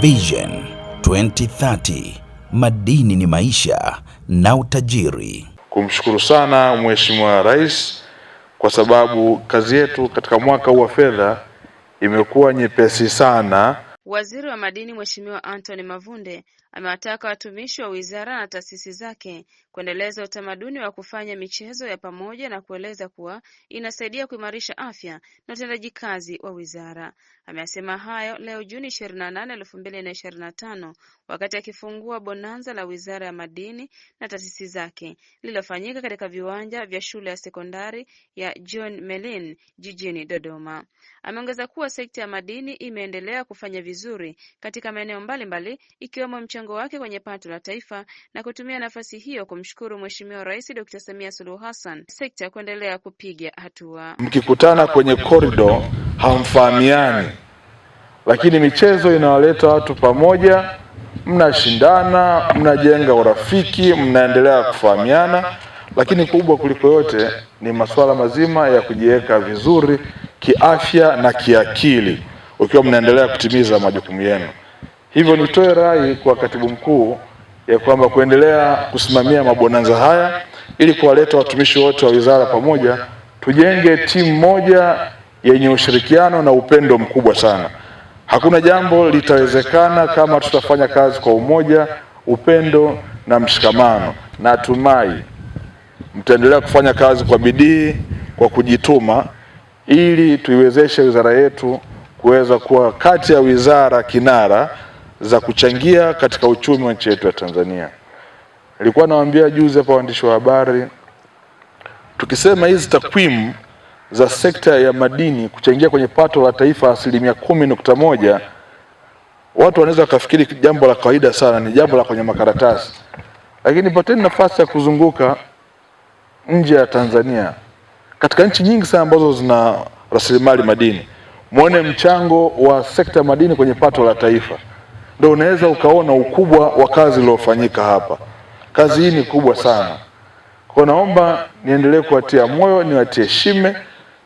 Vision 2030 madini ni maisha na utajiri. Kumshukuru sana Mheshimiwa Rais kwa sababu kazi yetu katika mwaka huu wa fedha imekuwa nyepesi sana. Waziri wa Madini Mheshimiwa Anthony Mavunde Amewataka watumishi wa Wizara na taasisi zake kuendeleza utamaduni wa kufanya michezo ya pamoja na kueleza kuwa inasaidia kuimarisha afya na utendaji kazi wa Wizara. Ameyasema hayo leo Juni ishirini wakati akifungua bonanza la Wizara ya Madini na taasisi zake lililofanyika katika viwanja vya shule ya sekondari ya John Melin jijini Dodoma. Ameongeza kuwa sekta ya madini imeendelea kufanya vizuri katika maeneo mbalimbali ikiwemo mchango mchango wake kwenye pato la taifa na kutumia nafasi hiyo kumshukuru Mheshimiwa Rais Dkt. Samia Suluhu Hassan sekta kuendelea kupiga hatua. Mkikutana kwenye korido hamfahamiani, lakini michezo inawaleta watu pamoja, mnashindana, mnajenga urafiki, mnaendelea kufahamiana, lakini kubwa kuliko yote ni masuala mazima ya kujiweka vizuri kiafya na kiakili, ukiwa mnaendelea kutimiza majukumu yenu. Hivyo nitoe rai kwa katibu mkuu ya kwamba kuendelea kusimamia mabonanza haya ili kuwaleta watumishi wote wa wizara pamoja, tujenge timu moja yenye ushirikiano na upendo mkubwa sana. Hakuna jambo litawezekana kama tutafanya kazi kwa umoja, upendo na mshikamano. Natumai mtaendelea kufanya kazi kwa bidii, kwa kujituma, ili tuiwezeshe wizara yetu kuweza kuwa kati ya wizara kinara za kuchangia katika uchumi wa nchi yetu ya Tanzania. Nilikuwa nawaambia juzi hapa waandishi wa habari, tukisema hizi takwimu za sekta ya madini kuchangia kwenye pato la taifa asilimia kumi nukta moja watu wanaweza wakafikiri jambo la kawaida sana, ni jambo la kwenye makaratasi, lakini pateni nafasi ya kuzunguka nje ya Tanzania, katika nchi nyingi sana ambazo zina rasilimali madini, mwone mchango wa sekta ya madini kwenye pato la taifa ndio unaweza ukaona ukubwa wa kazi iliyofanyika hapa. Kazi hii ni kubwa sana, kwa naomba niendelee kuwatia moyo, niwatie shime,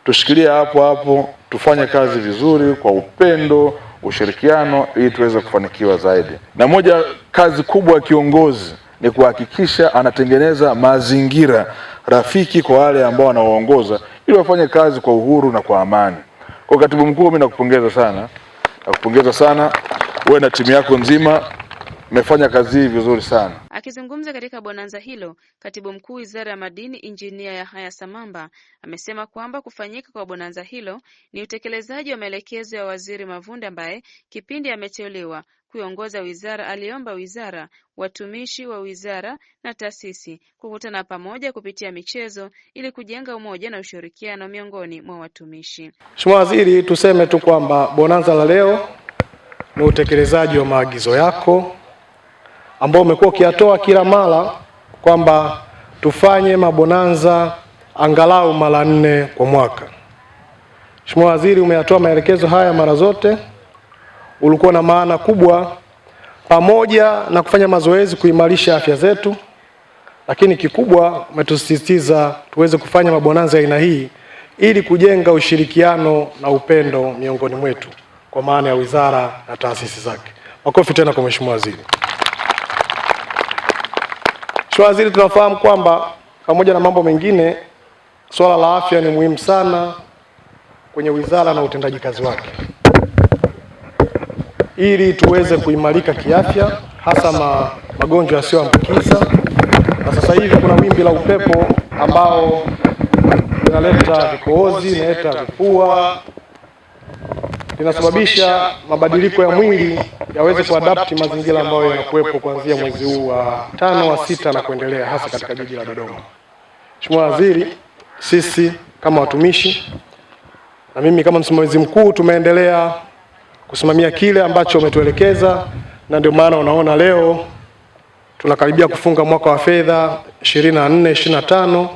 tushikilie hapo hapo, tufanye kazi vizuri kwa upendo, ushirikiano, ili tuweze kufanikiwa zaidi. Na moja kazi kubwa ya kiongozi ni kuhakikisha anatengeneza mazingira rafiki kwa wale ambao anawaongoza ili wafanye kazi kwa uhuru na kwa amani. Kwa katibu mkuu, mimi nakupongeza sana, nakupongeza sana wewe na timu yako nzima mmefanya kazi hii vizuri sana. Akizungumza katika bonanza hilo, katibu mkuu wizara ya madini injinia Yahaya Samamba amesema kwamba kufanyika kwa bonanza hilo ni utekelezaji wa maelekezo ya waziri Mavunde ambaye kipindi ameteuliwa kuiongoza wizara aliomba wizara, watumishi wa wizara na taasisi kukutana pamoja kupitia michezo ili kujenga umoja na ushirikiano miongoni mwa watumishi. Mheshimiwa Waziri, tuseme tu kwamba bonanza la leo na utekelezaji wa maagizo yako ambao umekuwa ukiyatoa kila mara kwamba tufanye mabonanza angalau mara nne kwa mwaka. Mheshimiwa Waziri, umeyatoa maelekezo haya mara zote, ulikuwa na maana kubwa pamoja na kufanya mazoezi kuimarisha afya zetu, lakini kikubwa umetusisitiza tuweze kufanya mabonanza aina hii ili kujenga ushirikiano na upendo miongoni mwetu kwa maana ya wizara na taasisi zake. Makofi tena kwa mheshimiwa waziri. Mheshimiwa Waziri, tunafahamu kwamba pamoja na mambo mengine, swala la afya ni muhimu sana kwenye wizara na utendaji kazi wake, ili tuweze kuimarika kiafya, hasa ma, magonjwa yasiyoambukiza. Na sasa hivi kuna wimbi la upepo ambao unaleta vikohozi, inaleta vifua linasababisha mabadiliko ya mwili yaweze kuadapti mazingira ambayo yanakuwepo kuanzia mwezi huu wa tano wa sita na kuendelea, hasa katika jiji la Dodoma. Mheshimiwa Waziri, sisi kama watumishi na mimi kama msimamizi mkuu tumeendelea kusimamia kile ambacho umetuelekeza, na ndio maana unaona leo tunakaribia kufunga mwaka wa fedha 24 25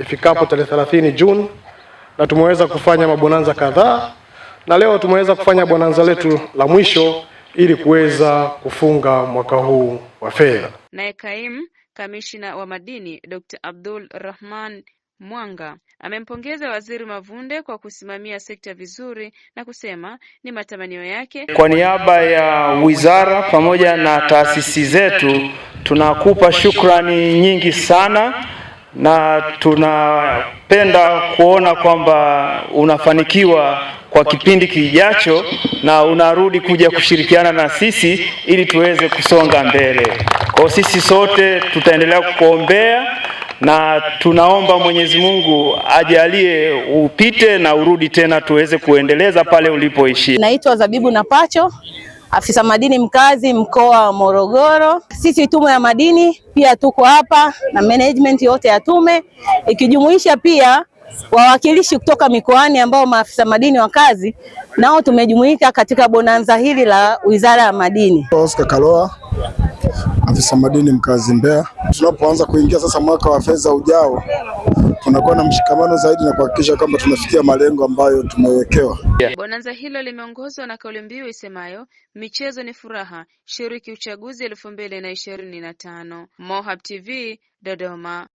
ifikapo tarehe 30 Juni, na tumeweza kufanya mabonanza kadhaa na leo tumeweza kufanya bonanza letu la mwisho ili kuweza kufunga mwaka huu wa fedha. Naye kaimu kamishina wa madini Dr. Abdul Rahman Mwanga amempongeza Waziri Mavunde kwa kusimamia sekta vizuri na kusema ni matamanio yake. Kwa niaba ya wizara pamoja na taasisi zetu tunakupa shukrani nyingi sana na tunapenda kuona kwamba unafanikiwa kwa kipindi kijacho na unarudi kuja kushirikiana na sisi ili tuweze kusonga mbele. Kwa sisi sote tutaendelea kukuombea na tunaomba Mwenyezi Mungu ajalie upite na urudi tena tuweze kuendeleza pale ulipoishia. Naitwa Zabibu Napacho afisa madini mkazi mkoa wa Morogoro. Sisi tume ya madini pia tuko hapa na management yote ya tume ikijumuisha pia wawakilishi kutoka mikoani ambao maafisa madini wa kazi nao tumejumuika katika bonanza hili la Wizara ya Madini. Oscar Kaloa, afisa madini mkazi Mbeya. Tunapoanza kuingia sasa mwaka wa fedha ujao tunakuwa na mshikamano zaidi na kuhakikisha kwamba tunafikia malengo ambayo tumewekewa. Yeah. Bonanza hilo limeongozwa na kauli mbiu isemayo michezo ni furaha, shiriki uchaguzi elfu mbili na ishirini na tano. Mohab TV Dodoma.